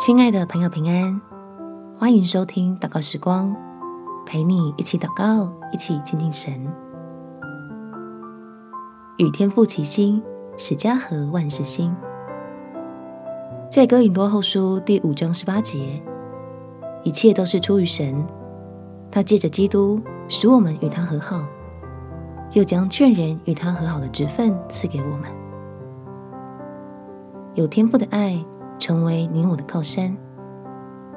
親愛的朋友，平安！歡迎收聽禱告時光，陪你一起禱告，一起靜靜神。與天父齊心，使家和萬事興。在哥林多後書第五章十八節，一切都是出於神，他借着基督使我們與他和好，又將勸人與他和好的職分賜給我們。有天父的愛，成為你我的靠山，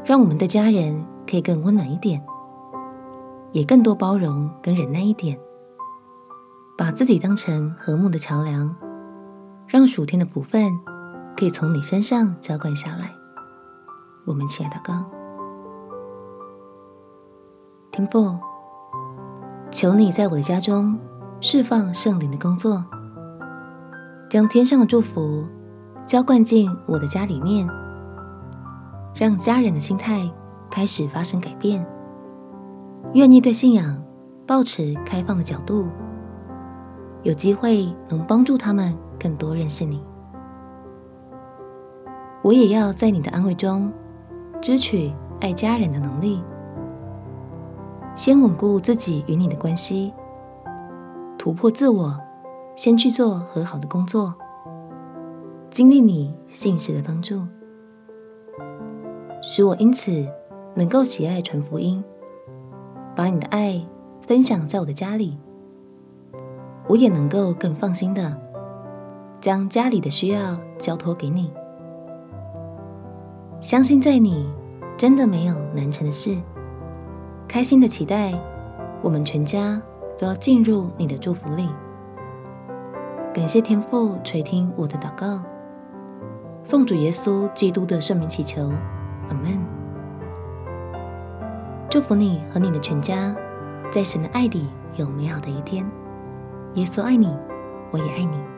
讓我們的家人可以更溫暖一點，也更多包容跟忍耐一點。把自己當成和睦的橋樑，讓屬天的福份可以從你身上澆灌下來。我們親愛的哥，天父，求你在我的家中釋放聖靈的工作，將天上的祝福。澆灌進我的家裡面，讓家人的心態開始發生改變，願意對信仰保持開放的角度，有機會能幫助他們更多認識你。我也要在你的安慰中，支取愛家人的能力，先穩固自己與你的關係，突破自我，先去做和好的工作。經歷你信實的幫助，使我因此能夠喜愛傳福音，把你的愛分享在我的家裡，我也能夠更放心的將家裡的需要交託給你。相信在你真的沒有難成的事，開心的期待我們全家都要進入你的祝福裡。感謝天父垂聽我的禱告。奉主耶穌基督的聖名祈求，阿門。祝福你和你的全家，在神的愛裡有美好的一天。耶穌愛你，我也愛你。